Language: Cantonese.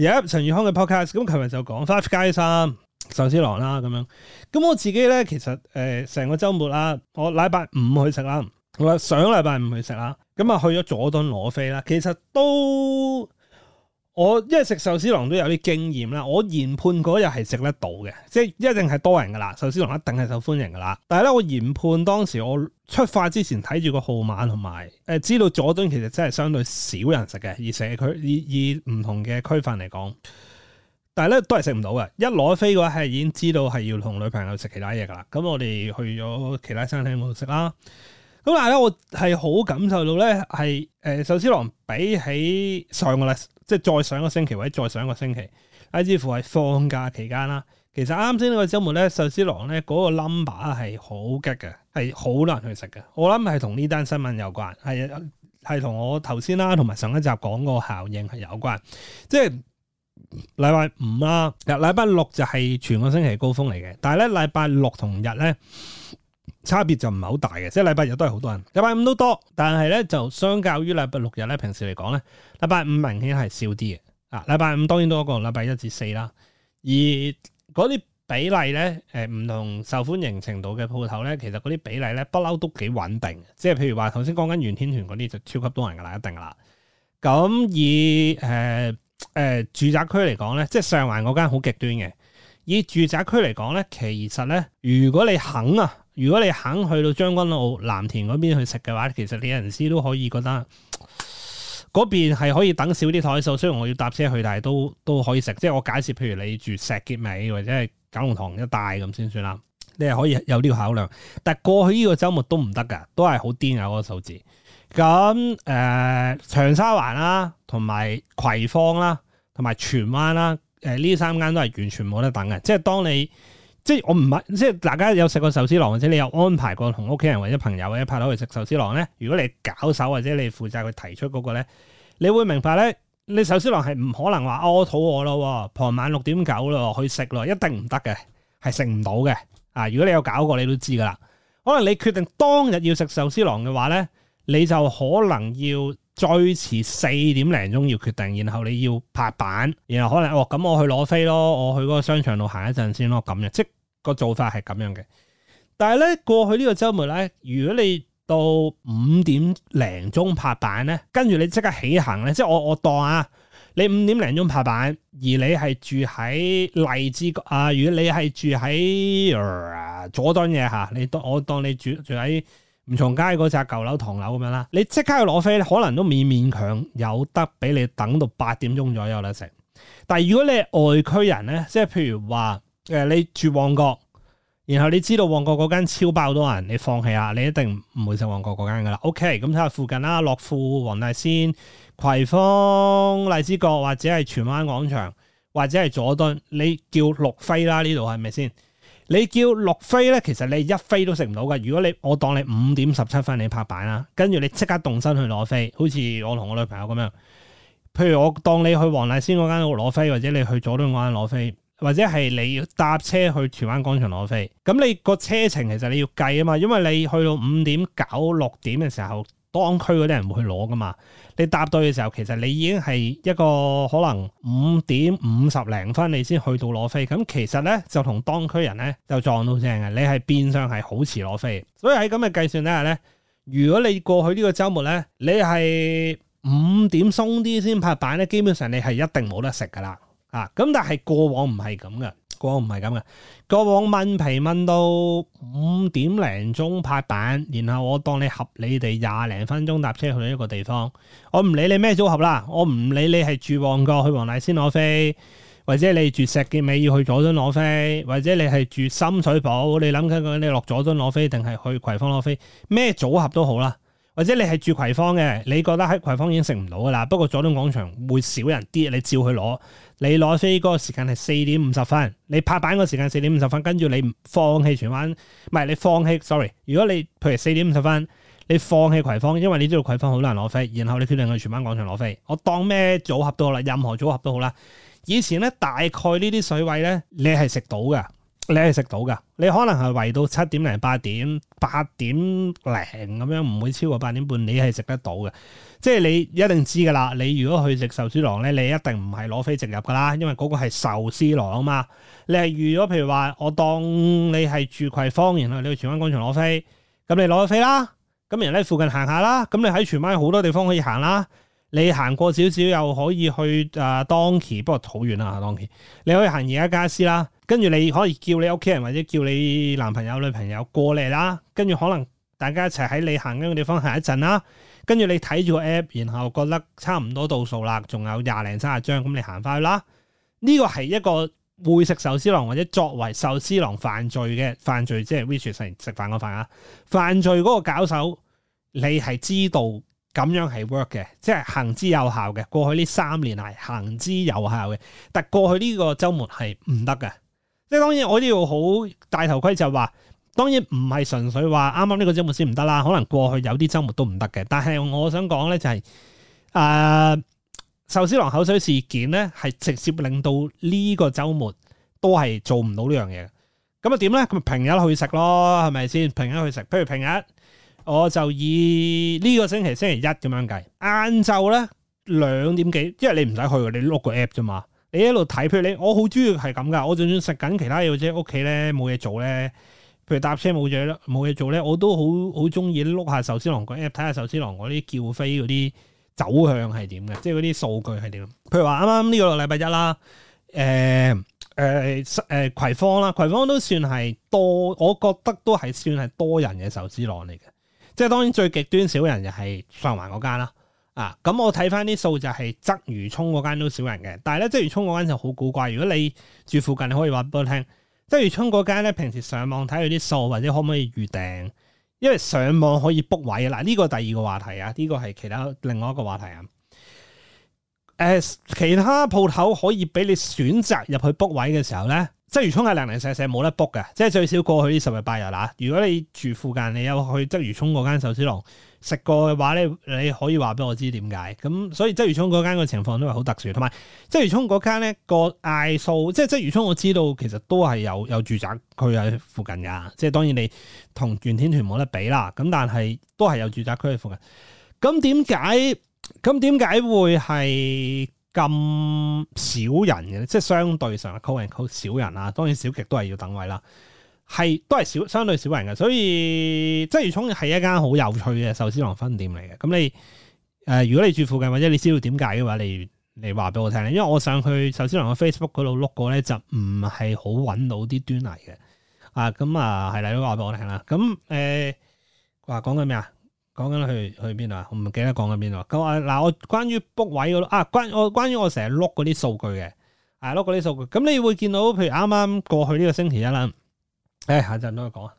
而家、yeah，陳宇康嘅 podcast，咁琴日就講 Five Guys、啊、壽司郎啦咁樣，咁我自己咧其實誒成、呃、個周末啦、啊，我禮拜五去食啦，同埋上個禮拜五去食啦，咁啊去咗佐敦攞飛啦，其實都。我因為食壽司郎都有啲經驗啦，我研判嗰日係食得到嘅，即係一定係多人噶啦，壽司郎一定係受歡迎噶啦。但係咧，我研判當時我出發之前睇住個號碼同埋、呃、知道佐敦其實真係相對少人食嘅，而社區以以唔同嘅區分嚟講，但係咧都係食唔到嘅。一攞飛嘅話係已經知道係要同女朋友食其他嘢噶啦。咁我哋去咗其他餐廳嗰度食啦。咁但係咧，我係好感受到咧係誒壽司郎比起上個咧。即係再上一個星期或者再上一個星期，甚至乎係放假期間啦。其實啱先呢個週末咧，壽司郎咧嗰個 number 係好激嘅，係好難去食嘅。我諗係同呢單新聞有關，係係同我頭先啦，同埋上一集講個效應係有關。即係禮拜五啦，日禮拜六就係全個星期高峰嚟嘅。但係咧禮拜六同日咧。差別就唔係好大嘅，即係禮拜日都係好多人，禮拜五都多，但係咧就相較於禮拜六日咧，平時嚟講咧，禮拜五明顯係少啲嘅。啊，禮拜五當然多過禮拜一至四啦。而嗰啲比例咧，唔同受歡迎程度嘅鋪頭咧，其實嗰啲比例咧，不嬲都幾穩定。即係譬如話，頭先講緊元天團嗰啲就超級多人㗎喇，一定㗎喇。咁以、呃呃、住宅區嚟講咧，即係上環嗰間好極端嘅。以住宅區嚟講咧，其實咧，如果你肯啊～如果你肯去到將軍澳、藍田嗰邊去食嘅話，其實李仁師都可以覺得嗰邊係可以等少啲台數。雖然我要搭車去，但係都都可以食。即係我解釋，譬如你住石硤尾或者係九龍塘一帶咁先算啦，你係可以有呢個考量。但係過去呢個周末都唔得㗎，都係好癲㗎嗰個數字。咁誒、呃，長沙灣啦、啊，同埋葵芳啦、啊，同埋荃灣啦、啊，誒、呃、呢三間都係完全冇得等嘅。即係當你。即係我唔係，即係大家有食過壽司郎，或者你有安排過同屋企人或者朋友或者一拍拖去食壽司郎咧。如果你搞手或者你負責去提出嗰個咧，你會明白咧，你壽司郎係唔可能話屙、哦、肚餓咯，傍晚六點九咯去食咯，一定唔得嘅，係食唔到嘅。啊，如果你有搞過，你都知噶啦。可能你決定當日要食壽司郎嘅話咧，你就可能要最遲四點零鐘要決定，然後你要拍板，然後可能哦，咁我去攞飛咯，我去嗰個商場度行一陣先咯，咁嘅即個做法係咁樣嘅，但係咧過去呢個周末咧，如果你到五點零鐘拍板咧，跟住你即刻起行咧，即係我我當啊，你五點零鐘拍板，而你係住喺荔枝角啊，如果你係住喺，呃、佐敦嘢吓，你當我當你住住喺吳松街嗰隻舊樓唐樓咁樣啦，你即刻去攞飛咧，可能都勉勉強有得俾你等到八點鐘左右啦食。但係如果你係外區人咧，即係譬如話。誒，你住旺角，然後你知道旺角嗰間超爆多人，你放棄啦，你一定唔會食旺角嗰間噶啦。OK，咁睇下附近啦，樂富、黃大仙、葵芳、荔枝角或者係荃灣廣場或者係佐敦，你叫陸飛啦，呢度係咪先？你叫陸飛咧，其實你一飛都食唔到噶。如果你，我當你五點十七分你拍板啦，跟住你即刻動身去攞飛，好似我同我女朋友咁樣。譬如我當你去黃大仙嗰間屋攞飛，或者你去佐敦嗰間攞飛。或者係你要搭車去荃灣廣場攞飛，咁你個車程其實你要計啊嘛，因為你去到五點九、六點嘅時候，當區嗰啲人會去攞噶嘛。你搭到嘅時候，其實你已經係一個可能五點五十零分你先去到攞飛，咁其實咧就同當區人咧就撞到正嘅，你係變相係好遲攞飛。所以喺咁嘅計算底下咧，如果你過去呢個周末咧，你係五點鬆啲先拍板咧，基本上你係一定冇得食噶啦。啊！咁但係過往唔係咁㗎。過往唔係咁㗎。過往問皮問到五點零鐘拍板，然後我當你合理你哋廿零分鐘搭車去一個地方，我唔理你咩組合啦，我唔理你係住旺角去黃大仙攞飛，或者你住石硖尾要去佐敦攞飛，或者你係住深水埗，你諗緊你落佐敦攞飛定係去葵芳攞飛，咩組合都好啦。或者你係住葵芳嘅，你覺得喺葵芳已經食唔到噶啦。不過佐敦廣場會少人啲，你照去攞。你攞飛嗰個時間係四點五十分，你拍板嗰時間四點五十分，跟住你放棄荃灣，唔係你放棄。sorry，如果你譬如四點五十分，你放棄葵芳，因為你知道葵芳好難攞飛，然後你決定去荃灣廣場攞飛。我當咩組合都好啦，任何組合都好啦。以前咧大概呢啲水位咧，你係食到嘅。你係食到噶，你可能係圍到七點零八點八點零咁樣，唔會超過八點半，你係食得到嘅。即係你一定知噶啦，你如果去食壽司郎咧，你一定唔係攞飛直入噶啦，因為嗰個係壽司郎啊嘛。你係預咗，譬如話我當你係住葵芳，然後你去荃灣廣場攞飛，咁你攞咗飛啦。咁然後咧附近行下啦，咁你喺荃灣好多地方可以行啦。你行過少少又可以去啊當期，不過好遠啦，當期你可以行而家家私啦，跟住你可以叫你屋企人或者叫你男朋友女朋友過嚟啦，跟住可能大家一齊喺你行緊嘅地方行一陣啦，跟住你睇住個 app，然後覺得差唔多到數啦，仲有廿零三十張，咁你行翻去啦。呢個係一個會食壽司郎或者作為壽司郎犯罪嘅犯罪，即係 which 食食飯嗰啊，犯罪嗰個搞手，你係知道。咁樣係 work 嘅，即係行之有效嘅。過去呢三年係行之有效嘅，但過去呢個週末係唔得嘅。即係當然，我呢度好大頭盔就係話，當然唔係純粹話啱啱呢個週末先唔得啦，可能過去有啲週末都唔得嘅。但係我想講咧就係、是，誒、呃、壽司郎口水事件咧係直接令到呢個週末都係做唔到呢樣嘢。咁啊點咧？咁平日去食咯，係咪先？平日去食，譬如平日。我就以呢個星期星期一咁樣計，晏晝咧兩點幾，即係你唔使去，你碌個 app 啫嘛。你一路睇，譬如你我好中意係咁噶，我就算食緊其他嘢或者屋企咧冇嘢做咧，譬如搭車冇嘢啦冇嘢做咧，我都好好中意碌下壽司郎個 app，睇下壽司郎嗰啲叫飛嗰啲走向係點嘅，即係嗰啲數據係點。譬如話啱啱呢個禮拜一啦，誒誒誒葵芳啦，葵芳都算係多，我覺得都係算係多人嘅壽司郎嚟嘅。即係當然最極端少人就係上環嗰間啦，啊咁我睇翻啲數就係、是、則如湧鰂魚涌嗰間都少人嘅，但係咧鰂魚涌嗰間就好古怪。如果你住附近，你可以話俾我聽，鰂魚涌嗰間咧平時上網睇佢啲數，或者可唔可以預訂，因為上網可以 book 位啊。嗱、這、呢個第二個話題啊，呢、這個係其他另外一個話題啊、呃。其他鋪頭可以俾你選擇入去 book 位嘅時候咧。鰂魚涌係零零舍舍冇得 book 嘅，即係最少過去呢十日八日啦。如果你住附近，你有去鰂魚涌嗰間壽司郎食過嘅話，你你可以話俾我知點解。咁所以鰂魚涌嗰間嘅情況都係好特殊，同埋鰂魚涌嗰間咧個 I 數，即係鰂魚涌我知道其實都係有有住宅區喺附近噶。即係當然你同原天團冇得比啦。咁但係都係有住宅區喺附近。咁點解？咁點解會係？咁少人嘅，即係相對上嘅人 call 少人啊。當然小極都係要等位啦，係都係少相對少人嘅，所以即係鰂魚涌係一間好有趣嘅壽司郎分店嚟嘅。咁你誒、呃，如果你住附近或者你知道點解嘅話，你嚟話俾我聽咧。因為我上去壽司郎嘅 Facebook 嗰度碌過咧，就唔係好揾到啲端倪嘅。啊，咁啊係啦，都話俾我聽啦。咁誒，話講句咩啊？講緊去去邊啊？我唔記得講緊邊啊。咁啊嗱，我關於 book 位嗰度啊，關我關於我成日 look 嗰啲數據嘅，啊 look 嗰啲數據。咁你會見到，譬如啱啱過去呢個星期一啦。誒、哎，下陣都講啊。